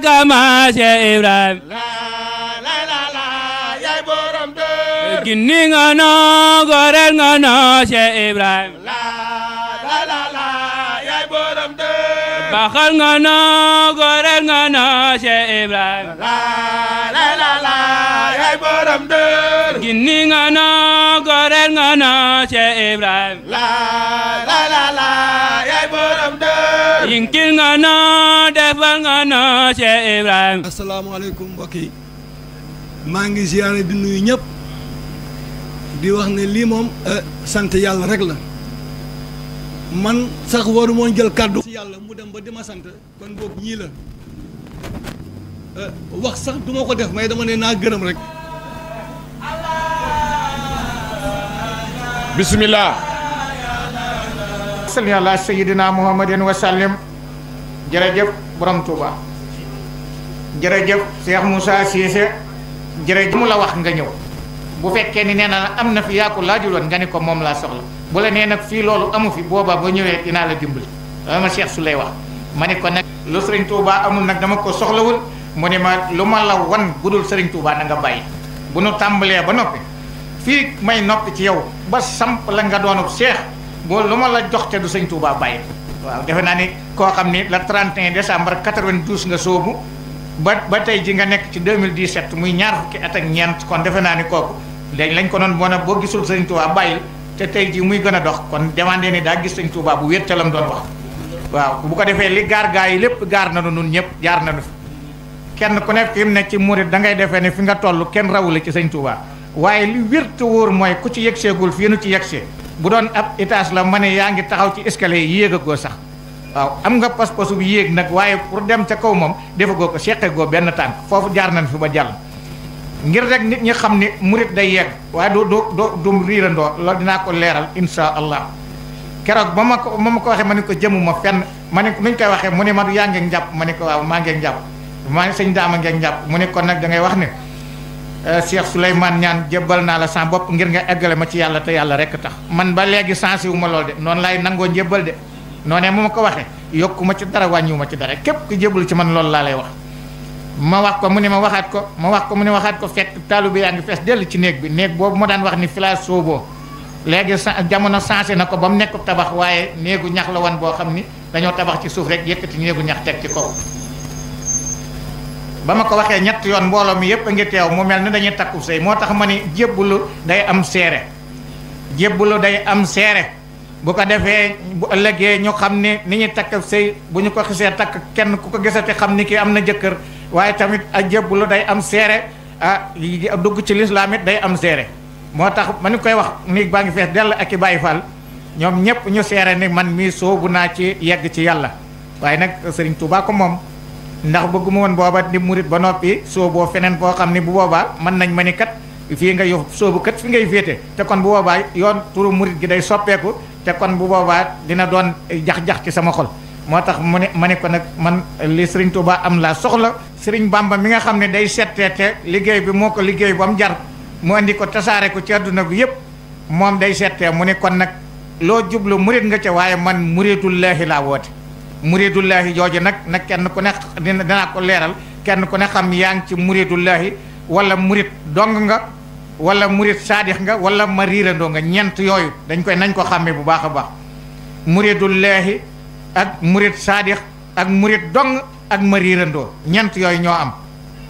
kama Cheikh Ibrahim la la la la yaay borom de ginni nga no gorel nga no Cheikh Ibrahim la la la la yaay borom de baxal nga no gorel nga no Cheikh Ibrahim la la la la yaay borom de ginni nga no gorel nga no Cheikh Ibrahim la la la la yinkil nga noo defal nga noo Cheikh Ibrahima asalaamaaleykum mbokk yi maa ngi ziyaare di nuyu ñëpp di wax ne lii moom eh, sant yàlla rek la man sax waru moon jël kàddu si yàlla mu dem ba di ma sant kon boobu ñii la eh, wax sax du ko def may dama ne naa gërëm rek bismillah salli ala sayidina muhammadin wa sallim jërëjëf borom Touba jërëjëf Cheikh Moussa Cissé jërëjëf mu la wax nga ñëw bu fekkee ni nee na am na fi yaa ko laajuloon nga ne ko moom laa soxla bu la nee nag fii loolu amu fi boobaa ba ñëwee dinaa la dimbali dama Cheikh su lay wax ma ne ko nag lu sëriñ Touba amul nag dama ko soxlawul mu ne ma lu ma la wan budul sëriñ Touba na nga bàyyi bu nu tàmbalee ba noppi fii may noppi ci yow ba samp la nga doonub Cheikh boo lu ma la jox te du sëñ Touba bàyyi waaw defe naa ni koo xam ni le 31 décembre 92 nga soobu ba ba tey ji nga nekk ci 2017 muy ñaar fukki at ak ñeent kon defe naa ni kooku léegi lañ ko doon bon a boo gisul sëñ Touba bàyyi te tey ji muy gën a dox kon demandé ni daa gis sañ Touba bu wér ca lam doon wax waaw bu ko defee li gaar gaa yi lépp gaar nañu nun ñëpp jaar nañu fi kenn ku nekk fi mu ne ci murit da ngay defee ne fi nga toll kenn rawule ci sëñ Touba waaye li wér te wóor mooy ku ci yegseegul fii nu ci yegsee bu doon ab étage la mané ya yaa ngi taxaw ci escalier yéeg go sax waaw am nga pass passu bi yéeg nag waaye pour dem ca kaw moom defa goo ko seqe goo benn tànk foofu jaar nañ fi ba jàll ngir rek nit ñi xam ne murit day yegg waaye du du du du riirandoo loolu dinaa ko leeral insha allah keroog ba ma ko ba ma ko waxee ma ne ko jëmuma fenn ma ne nuñ koy waxee mu ne ma yaa ngeen jàpp ma ne ko waaw maa ngeen jàpp maa sëñ daama ngeen jàpp mu ne kon nag da ngay wax ne Eh, Cheikh Souleymane ñaan jébbal naa la sa bopp ngir nga eggale ma ci yàlla te yàlla rek tax man ba léegi sensé wu ma lool de noonu laay nangoo njébbal de noonee mu ma ko waxee yokkuma ci dara wàññiwu ma ci dara képp ku jébbalu ci man loolu laa lay wax ma wax ko mu ne ma waxaat ko ma wax ko mu ne waxaat ko fekk taalu bi yaa ngi fees dell ci néeg bi néeg boobu ma daan wax ni filaa sooboo léegi jamono sensé na ko ba mu nekk tabax waaye néegu ñax la wan boo xam ni dañoo tabax ci suuf rek yëkkati néegu ñax teg ci kaw ba ma ko waxee ñett yoon mbooloo mi yëpp a ngi teew mu mel ni dañuy takku sëy moo tax ma ni jébbalu day am seere jébbalu day am seere bu ko defee bu ëllëgee ñu xam ne ni ñuy takk sëy bu ñu ko xisee takk kenn ku ko gisati xam ni kii am na jëkkër waaye tamit a ah, jébbalu day am seere ah dugg ci lislaam day am seere moo tax ma ni koy wax nii baa ngi fees dell ak i Baay ñoom ñëpp ñu seere ni man mii soobu naa ci yegg ci yàlla waaye nag Sëriñ Tuubaa ndax bëgguma woon booba ni murit ba noppi sooboo feneen boo xam ni bu boobaa mën nañ ma ni kat fii nga yow soobu kat fi ngay féete te kon bu boobaa yoon turu murit gi day soppeeku te kon bu boobaa dina doon jax-jax ci sama xol moo tax mu ne ma ne kon nag man li Serigne Touba am laa soxla Serigne Bamba mi nga xam ne day settee te liggéey bi moo ko liggéey ba mu jar mu indi ko tasaare ko ci àdduna bi yëpp moom day settee mu ne kon nag loo jublu murit nga ca waaye man muritullaahi laa woote muridullahi jooju nag nag kenn ku ne dinaa ko leeral kenn ku ne xam yaa ngi ci muridullahi wala murid dong nga wala murid saadix nga wala ma riirandoo nga ñent yooyu dañ koy nañ ko xàmmee bu baax a baax muridullahi ak murid saadix ak murid dong ak ma riirandoo ñent yooyu ñoo am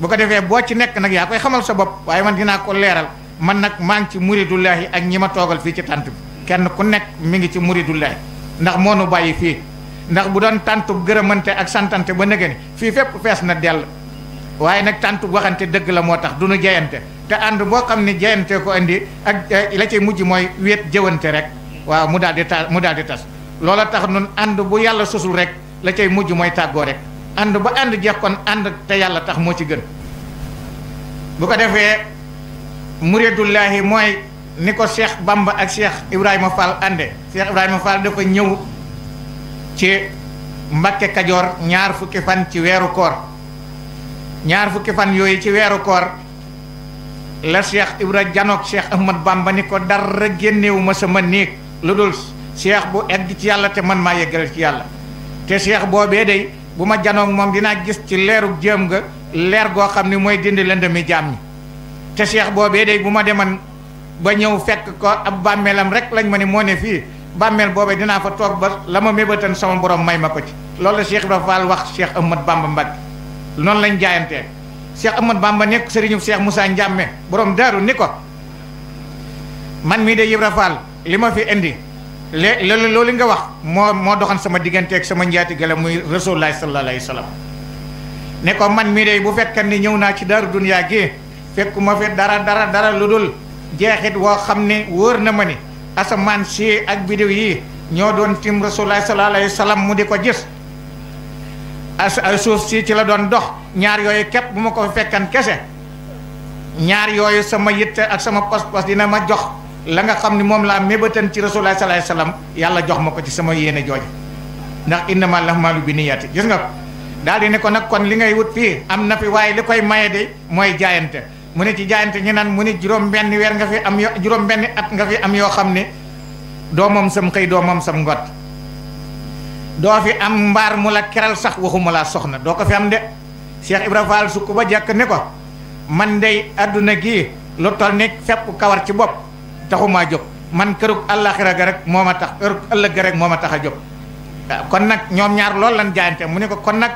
bu ko defee boo ci nekk nag yaa koy xamal sa bopp waaye man dinaa ko leeral man nag maa ngi ci muridullahi ak ñi ma toogal fii ci tànt bi kenn ku nekk mi ngi ci muridullahi ndax moo bàyyi fii ndax bu doon tàntu gërëmante ak santante ba nëgëni fii fépp fees na dell waaye nag tàntu waxante dëgg la moo tax du nu jeyante te ànd boo xam ne jeyante ko indi ak eh, la cay mujj mooy wéet jëwante rek waaw mu daal di mu daal di tas loola tax nun ànd bu yàlla sosul rek la cay mujj mooy tàggoo rek ànd ba ànd jeex kon ànd te yàlla tax moo ci gën bu ko defee muridullahi mooy ni ko Cheikh Bamba ak Cheikh Ibrahima Fall ànde Cheikh Ibrahima Fall dafa ñëw ci mbacke kadior ñaar fukki fan ci wéru koor ñaar fukki fan yoy ci wéru koor la cheikh ibra janok cheikh ahmad bamba ni ko dara génnewuma sama neek ludul cheikh bu egg ci yalla te man ma yeggal ci yalla te cheikh bobé day bu ma mom dina gis ci leerug jëm nga leer go xamni moy dindi lëndami jaam te cheikh bobé day bu ma deman ba ñew fekk ko ab bamélam rek lañ mané mo né fi bammel bobé dina fa tok ba lama ma sama borom may mako ci lolou la Cheikh Ibrahima Fall wax Cheikh Ahmad Bamba mbak non lañ jaayante Cheikh Ahmad Bamba nek serigne Cheikh Moussa ndiamé borom daru niko man mi de Ibrahima Fall lima fi indi le loolu loolu nga wax mo mo doxan sama ak sama gele muy Rasulullah sallallahu alaihi wasallam ne ko man mi de bu fekkan ni ñewna ci daru dunya gi fekkuma fi dara dara dara lu jeexit wo xamne ne na ma asamaan si ak biddiw yi ñoo doon tim rasulaay sallallahu alayhi mu di ko gis as ay ci la doon dox ñaar yooyu képp bu ma ko fekkan kese ñaar yooyu sama yitte ak sama pospos dina ma jox la nga xam ni moom laa mébatan ci rasulaay sallallahu alayhi yàlla jox ma ko ci sama yéene jooju ndax bi a'maalu binniyaati gis nga ko daal di ne ko nag kon li ngay wut fii am na fi waaye li koy maye de mooy jaayante mu ne ci jaayante ñu naan mu ne juróom benn weer nga fi am yo juróom benn at nga fi am yoo xam ne doomam sam xëy doomam sam ngot doo fi am mbaar mu la keral sax waxuma laa soxna doo ko fi am de Cheikh ibrahim Fall sukk ba jàkk ne ko man day àdduna gii lu tol ne fepp kawar ci bopp taxumaa jóg man kërug àllaaxira ga rek moo tax ëllëg ga rek tax a kon nag ñoom ñaar loolu lan jaayante mu ne ko kon nag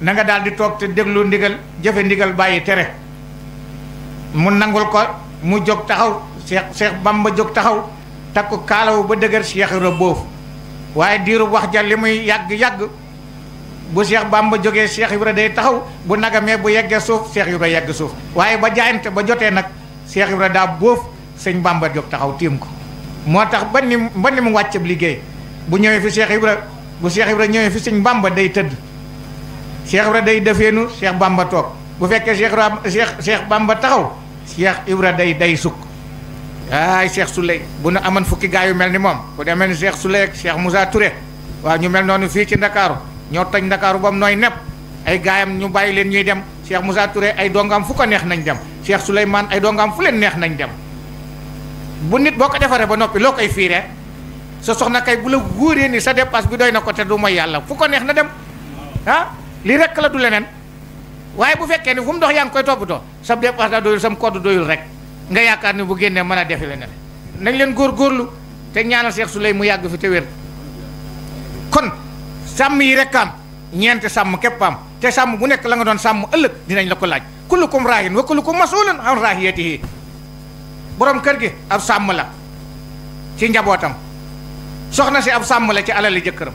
na nga daal di toog te déglu ndigal jëfe ndigal bàyyi tere mu nangul ko mu jog taxaw Cheikh Cheikh Bamba jog taxaw takku wu ba dëgër Cheikh Ibra boof waaye diiru wax ja limuy yag yag bu Cheikh Bamba joge Cheikh Ibra day taxaw bu nagame bu yegge suuf Cheikh Ibra yegg suuf waye ba jaayante ba jotee nak Cheikh Ibra da boof sëñ Bamba jog taxaw tim ko motax tax ba ni ba ni mu wacce liggéey bu ñëwee fi Cheikh Ibra bu Cheikh Ibra ñëwee fi sëñ Bamba day teud Cheikh Ibra day defeenu Cheikh Bamba tok bu fekkee Cheikh Ra Cheikh Cheikh taxaw Cheikh Ibra day day sukk aay Cheikh Souley bu nu amoon fukki gaa yu mel ni moom ku demee ni Cheikh Souley ak Cheikh Moussa Touré waaw ñu mel noonu fii ci Ndakaaru ñoo toj Ndakaaru ba nooy nepp ay gaayam ñu bàyyi leen ñuy dem Cheikh Moussa Touré ay dongam fu ko neex nañ dem Cheikh Souleymane ay dongam fu leen neex nañ dem bu nit boo ko defaree ba noppi loo koy fiire sa soxna kay bu la wóoree ni sa dépasse bi doy na ko te du mooy yàlla fu ko neex na dem ah li rekk la leneen. waye bu fekke ni fum dox yang koy top do sa sam wax da doyul sam code doyul rek nga yakkar ni bu génnee mën a defi leneen nañ leen góorgóorlu te ñaanal Cheikh sulay mu yàgg fi te kon sam yi rek kam ñent sam keppam am te sàmm bu nek la nga don sam ëllëg dinañ la ko laaj kullukum rahin wa kullukum masulun an rahiyatihi borom kër gi ab samula la ci njabotam soxna si ab sam la ci alali jëkkëram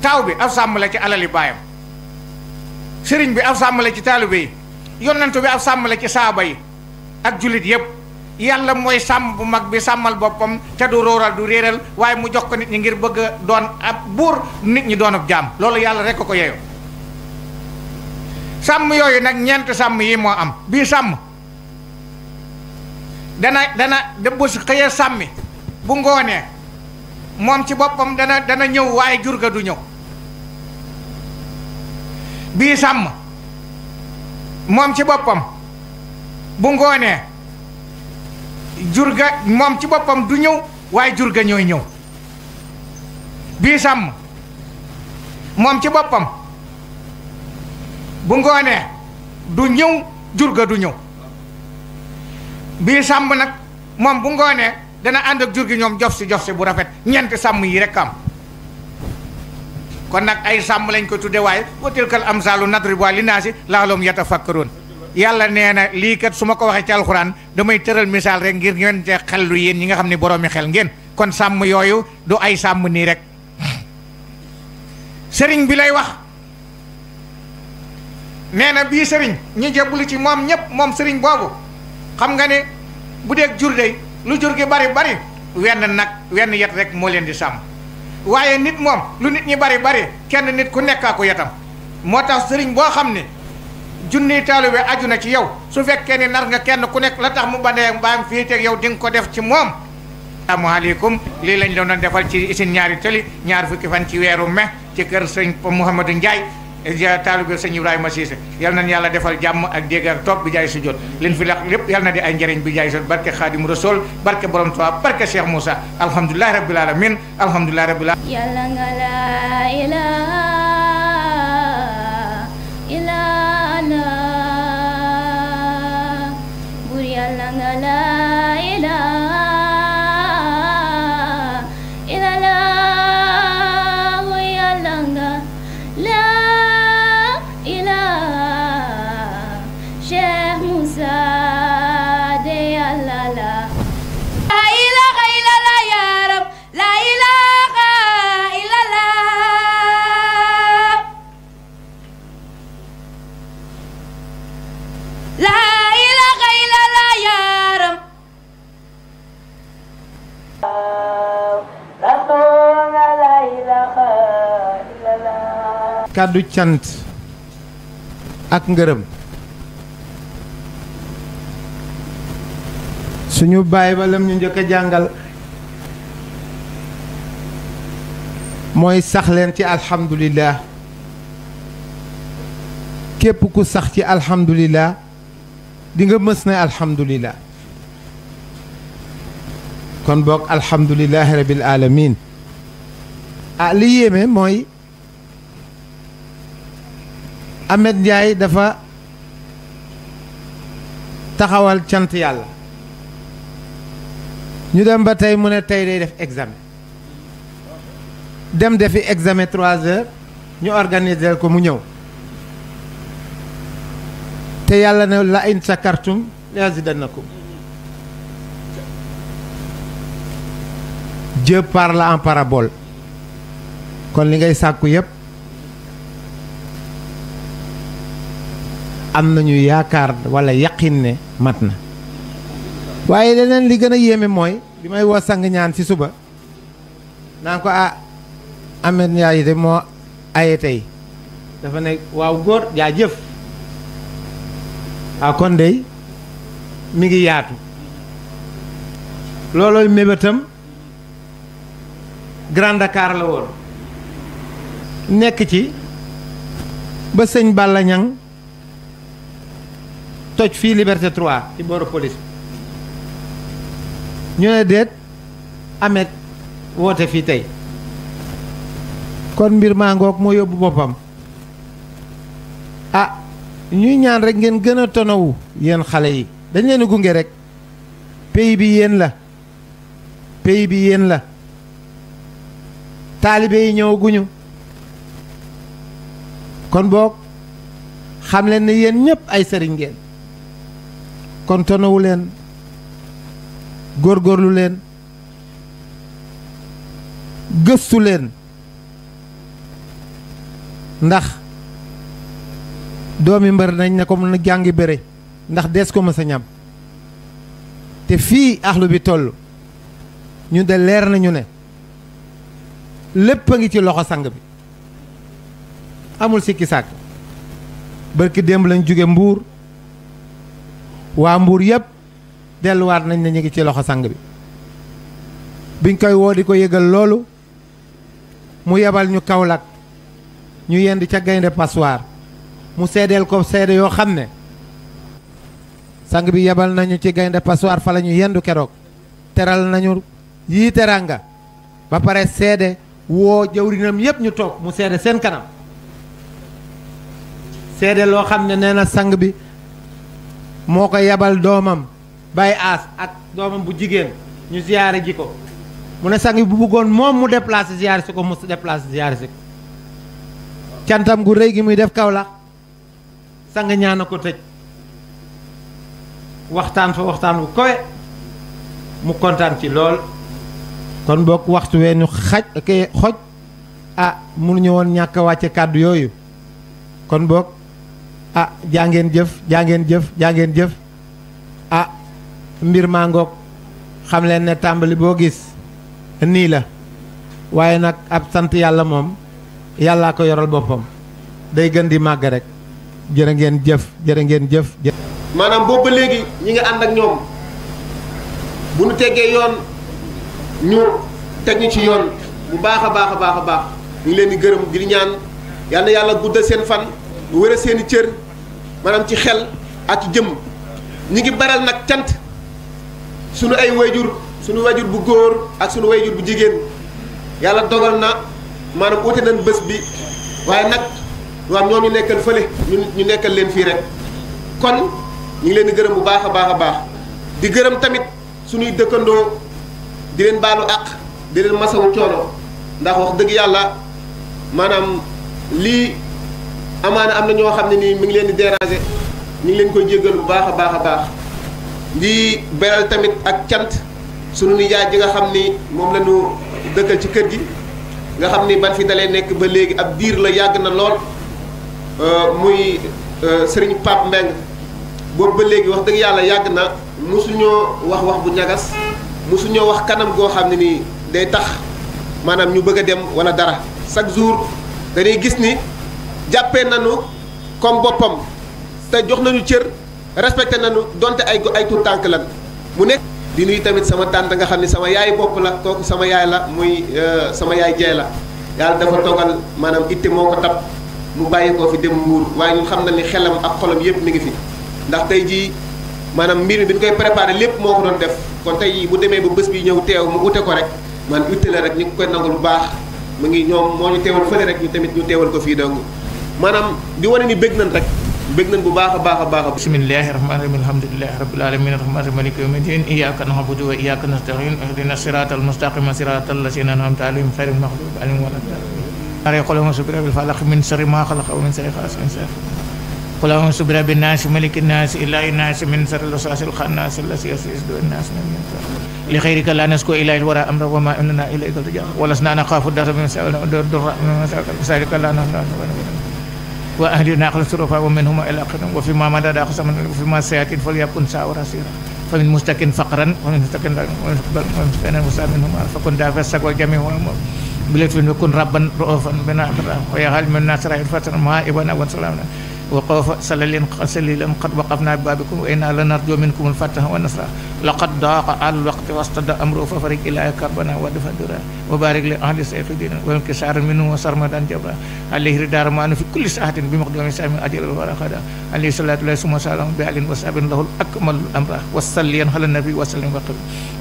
taw bi ab sam la ci alali bayam sëriñ bi ab sàmm la ci taalibe yi yonent bi ab sàmm la ci saaba yi ak jullit yépp yàlla mooy sàmm bu mag bi sàmmal boppam te du róoral du réeral waaye mu jox ko nit ñi ngir bëgg a doon ab buur nit ñi doon ab jaam loolu yàlla rek ko yeyoo sàmm yooyu nag ñeent sàmm yi moo am bii sàmm dana dana de bu xëyee sàmmi bu ngoonee moom ci boppam dana dana ñëw waaye jur ga du ñëw bi sam mom ci bopam bu ngone jurga mom ci bopam du ñew way jurga ñoy ñew bi sam mom ci bopam bu ngone du ñew jurga du ñew bi sam nak mom bu ngone dana ànd ak jur jof ci jof ci bu rafet ñent sam yi rek am kon nak ay sam lañ ko tudde way wa tilkal amsaalu nadribuhaa linnaasi la yatafakkaruun yatafakkarun yalla neena li kat suma ko waxe ci alquran damay teural misal rek ngir ngeen te xellu yeen yi nga xamni borom mi xel ngeen kon sam yoyu du ay sam ni rek sëriñ bi lay wax neena bi bii ñi jebul ci mom ñep mom sëriñ bobu xam nga ne bu jur day lu jur gi bari bari wenn nak wenn yet rek mo len di sam waaye nit moom lu nit ñi bari bari kenn nit ku nekk ak yatam moo tax sëriñ boo xam ni junniy taalibe aju na ci yow su fekkee ni nar nga kenn ku nekk la tax mu bandee mbaam fii teg yow di nga ko def ci moom asalaamaaleykum lii lañ doon defal ci isin ñaari tëli ñaar fukki fan ci weeru mai ci kër sëñ Mouhamadou Ndiaye ja taalibe sëñ Ibrahima yal nañ yàlla defal jàmm ak déggal toog bi jaay su jot liñ fi lax lépp yal na di ay njëriñ bi jaay su jot barke Xaadim Rasul barke Borom Tuubaa barke Cheikh Moussa alhamdulilahi rabbil la alhamdulilahi la alamin kàddu cant ak ngërëm suñu baay ba lam ñu njëkk jàngal mooy saxleen ci alhamdulilah képp ku sax ci alhamdulilah dinga mës na alhamdulilah kon boog alhamdulilahi rabil alamin ah, Ahmed Ndiaye dafa taxawal cant yàlla ñu dem ba tey mu ne tey day def examen dem defi examen trois heures ñu organiser ko mu ñëw te yàlla na la in sakartum lazidannakum Dieu parle en parabole kon li ngay sàkku yépp am nañu yaakaar wala yaqin ne mat na waaye leneen li gën a yéeme mooy bi may woo sang ñaan ci suba naa ko ah Ahmed Ndiaye de moo aye tey dafa ne waaw góor jaa jëf waaw ah, kon dey mi ngi yaatu loolooy mébétam Grand Dakar la woon nekk ci ba sëñ Balla Ñang toj fii Liberté 3 ci booru police ñu ne déet amet woote fii tey kon mbir maa ngoog moo yóbbu boppam ah ñuy ñaan rek ngeen gën a tonawu yéen xale yi dañ leen gunge rek pays bi yéen la pays bi yéen la taalibe yi ñëwaguñu kon boog xam leen ne yéen ñëpp ay sëriñ ngeen kon tonawu gor góorgóorlu len gestu len ndax domi mbar nañ ne ko mën jangi jàngi ndax dees ko mës ñam te fi axlu bi toll ñu de leer nañu ne lépp a ngi ci loxo sang bi amul sikki sak barki demb lañ jóge mbour waa mbuur yëpp delluwaat nañ ne ñu ngi ci loxo sang bi biñ koy woo di ko yëgal loolu mu yebal ñu Kaolack ñu yend ca gaynde passoir mu seedeel ko seede yoo xam ne sang bi yebal nañu ci gaynde passoir fa la ñu yendu keroog teral nañu yii teranga ba pare seede woo jëwrinam yépp ñu toog mu seede seen kanam seede loo xam ne nee na sang bi moo ko yabal doomam bay aas ak doomam bu jigéen ñu ziyaare ji ko mu ne sang bu bëggoon moom mu déplacé ziyaare si ko mu déplacé ziyaare si ko cantam gu rëy gi muy def Kaolack sang ñaan a ko tëj waxtaan fa waxtaan wu kowe mu kontaan ci lool kon bokk waxtu wee ñu xaj kay xoj ah mënuñu woon ñàkk wàcce kàddu yooyu kon bokk ah jaa ngeen jëf jaa ngeen jëf jaa jëf ah mbir maa ngoog xam leen ne tàmbali boo gis nii la waaye nag ab sant yàlla moom yàllaa ko yoral boppam day gën di màgg rek jërë ngeen jëf jërë ngeen jëf. maanaam boobu ba léegi ñi nga ànd ak ñoom bu nu teggee yoon ñu teg ñu ci yoon bu baax a baax a baax a baax ñu leen di gërëm maanaam ci xel ak ci jëmm ñu ngi baral nag cant sunu ay wayjur sunu wayjur bu góor ak sunu wayjur bu jigéen yàlla dogal na maanaam wute nañ bés bi waaye nag waaw ñoom ñu nekkal fële ñu nekkal leen fii rek kon ñu ngi leen gërëm bu baax a baax a baax di gërëm tamit suñuy dëkkandoo di leen baalu àq di leen masawu coono ndax wax dëgg yàlla maanaam lii amaana am na ñoo xam ne nii mi ngi leen di déranger ñu ngi leen koy jéggal bu baax a baax a baax di beral tamit ak cant sunu nijaay ji nga xam ni moom la ñu dëkkal ci kër gi nga xam ni ban fii dalee nekk ba léegi ab diir la yàgg na lool euh, muy euh, sëriñ Pape Mbengue boobu ba léegi wax dëgg yàlla yàgg na mosuñoo wax wax bu ñagas mosuñoo wax kanam goo xam ne nii day tax maanaam ñu bëgg dem wala dara chaque jour dañuy gis ni. jappé nanu comme bopam té jox nañu cër respecté nañu donte ay ay tout tank lan mu nek di nuy tamit sama tante nga xamni ni sama yaay bop la kok sama yaay la muy euh, sama yaay jee la yalla dafa togal manam itté moko tap mu bayé ko fi dem mbuur way ñu xam ni xelam ak xolam yépp mi ngi fi ndax tay ji manam mbir bi ñu koy préparé lépp moko ko doon def kon tay jii bu démé ba bés bi ñëw téw mu ute ko rek man utte la rek ñu koy nangul bu baax mu ngi ñom moñu téwul teewal rek ñu tamit ñu téwul ko fi dong manam di wone ni bëgg nañ rek bëgg nañ bu baax a baax bismillahir rahmanir rahim alhamdulillahi rabbil alamin arrahmanir rahim maliki yawmi din iyyaka na'budu wa iyyaka nasta'in ihdinas siratal mustaqim siratal ladzina an'amta alaihim ghairil maghdubi alaihim waladdallin أري قل أعوذ برب الفلق من شر ما خلق ومن شر غاسق إذا قل أعوذ برب الناس ملك الناس إله الناس من شر الوسواس الخناس الذي يوسوس صدور الناس من شر لخيرك لا نسكو إلى الورى أمر وما إننا إليك الرجاء ولسنا نخاف الدار من سوء الدر من سوء كذلك لا نخاف وأهل ناقل سرفا ومنهما إلى آخره وفيما مدى مدد أقسم وفيما سيأتي فليكن ساورا سيرا فمن مستكن فقرا ومن مستكن ومن مستكن مستكن منهما فكن دافع السقوى جميع بلطف يكن ربا رؤوفا بنا ويا هل من الناس رأي ما ابن أبا سلام وقوف سلل قد وقفنا ببابكم وإنا لنرجو منكم الفتح والنصر laqad daaqa al waqti wastada amru fa farig ilaa karbana wa dafa dura wa barik li ahli sayxi dina wa inkisaara minhu wa sarmadan jabra alayhi ridaara maanu fi kulli saatin bi maqdami sami ajal wa raxada alayhi salatu lahi suma salam bi alin wa saabin lahul akmal amra wa salliyan ala nabi wa sallim wa qib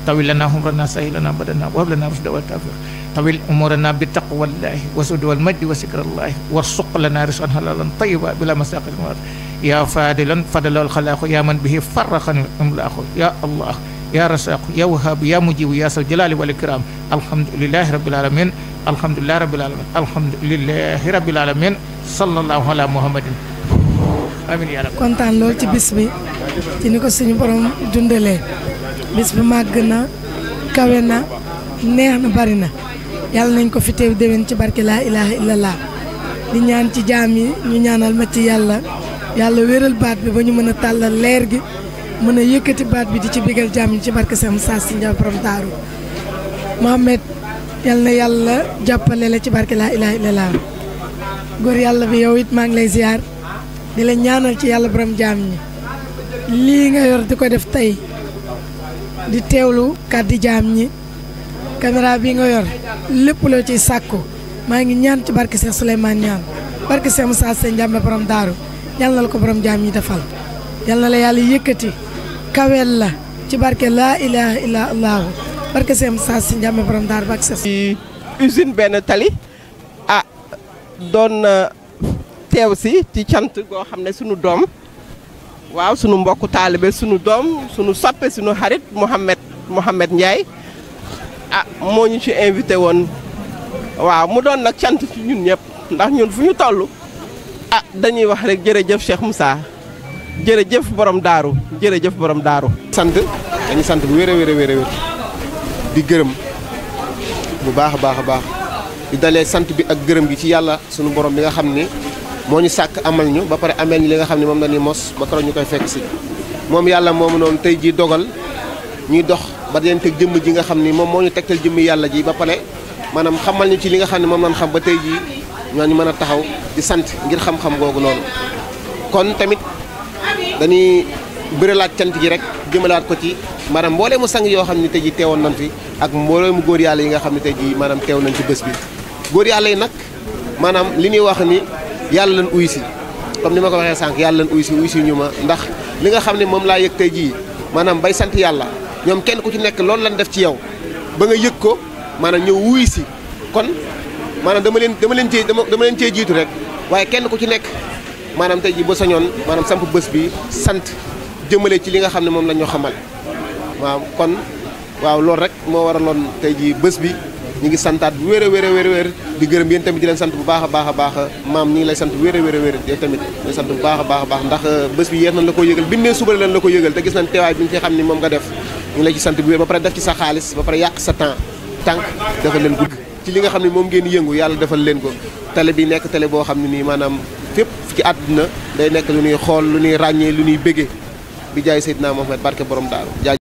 tawil lana humrana sahil lana badana wa hab lana rushda wa tawfiq tawil umurana bi taqwallahi wa sudi wal majdi wa sikrallahi warsuq lana risqan halalan tayyiba bila masaqil mar يا فادلا فضل الخلاق يا من به فرق الملاخ يا الله يا رزاق يا وهاب يا مجيب يا ذا الجلال والاكرام الحمد لله رب العالمين الحمد لله رب العالمين الحمد لله رب العالمين صلى الله على محمد امين يا رب كنت ان لول بسبي تي نكو سيني بروم دوندالي بسبي ماغنا كاوينا نيهنا بارينا يال نانكو في تيو ديوين تي بارك لا اله الا الله دي نيان تي جامي ني نيانال ما تي يالا yàlla wéral baat bi ba ñu mën a tàllal leer gi mën a yëkkati baat bi di ci biggal jàmm ñi ci barke Seex Musaa Si Njaay borom daaru Mohamed yal na yàlla jàppale la ci barke laa ilaaha illallaah góor yàlla bi yow it maa ngi lay ziar di la ñaanal ci yàlla borom jàmm ñi lii nga yor di ko def tey di teewlu kàddi jaam ñi caméra bii nga yor lépp loo ciy sàkku maa ngi ñaan ci barke Seex Suleymaan ñaan barke Seex Musaa Si Njaay borom daaru yalla la ko borom jami defal yalla la yalla yekati kawel la ci barke la ilaha illa Allah. barke sem sa si jami borom dar bak sa usine ben tali ah don tew si ci tiant go xamne ne sunu doom waaw sunu mbokku taalibe sunu dom sunu soppe sunu harit mohammed mohammed ah moñu ci invité won waaw mu don nak tiant ci ñun ñep ndax ñun fuñu tollu ah dañuy wax rek jërëjëf Cheikh Moussa jërëjëf borom daaru jërëjëf borom daaru sant dañu sant bu wér a wér di gërëm bu baax a baax a baax di dalee sant bi ak gërëm gi ci yàlla sunu borom bi nga xam ne moo ñu sàkk amal ñu ba pare ameel ñu li nga xam ne moom la mos ba keroog ñu koy fekk si moom yàlla moomu noonu tey jii dogal ñuy dox ba leen teg jëmm ji nga xam ni moom moo ñu tegtal jëmm yàlla ji ba pare maanaam xamal ñu ci li nga xam ne moom lañ xam ba tey jii ñoo ñooñu mën a taxaw di sant ngir xam-xam googu noonu kon tamit dañuy bëralaat cant gi rek jëmalaat ko ci maanaam mu sang yoo xam ne tey ji teewoon nañ fi ak mbooleemu góor yàlla yi nga xam ne tey ji maanaam teew nañ ci bés bi góor yàlla yi nag maanaam li ñuy wax ni yàlla leen uy si comme ni ma ko waxee sànq yàlla lan uy si uy si ñu ma ndax li nga xam ne moom laa yëg tey jii maanaam bay sant yàlla ñoom kenn ku ci nekk loolu lañ def ci yow ba nga yëg ko maanaam ñëw wuy maanaam dama leen dama leen cee dama dama leen cee jiitu rek waaye kenn ku ci nekk maanaam tey ji ba sañoon maanaam samp bës bi sant jëmale ci li nga xam ne moom la ñu xamal waaw kon waaw loolu rek moo waraloon tey ji bés bi ñu ngi bu wér a wér a wér a wér di bu baax a a baax maam ñu ngi lay sant bu wér a wér a wér yéen tamit di sant bu baax a baax a baax ndax euh, bés bi yéex nañ la ko yëgal bi nee suba lañ la ko yëgal te gis nañ teewaay bi nga xam ni moom nga def ñu lay ci sant bu wér ba pare def ci sa xaalis ba pare yàq sa temps tànk dafa leen gudd ci li nga xam ne moom ngeen yëngu yàlla defal leen ko télé bi nekk télé boo xam ne ni maanaam fépp ci àdduna day nekk lu ñuy xool lu ñuy ràññee lu ñuy béggee bi jaay Seydina Mohamed barke borom daaru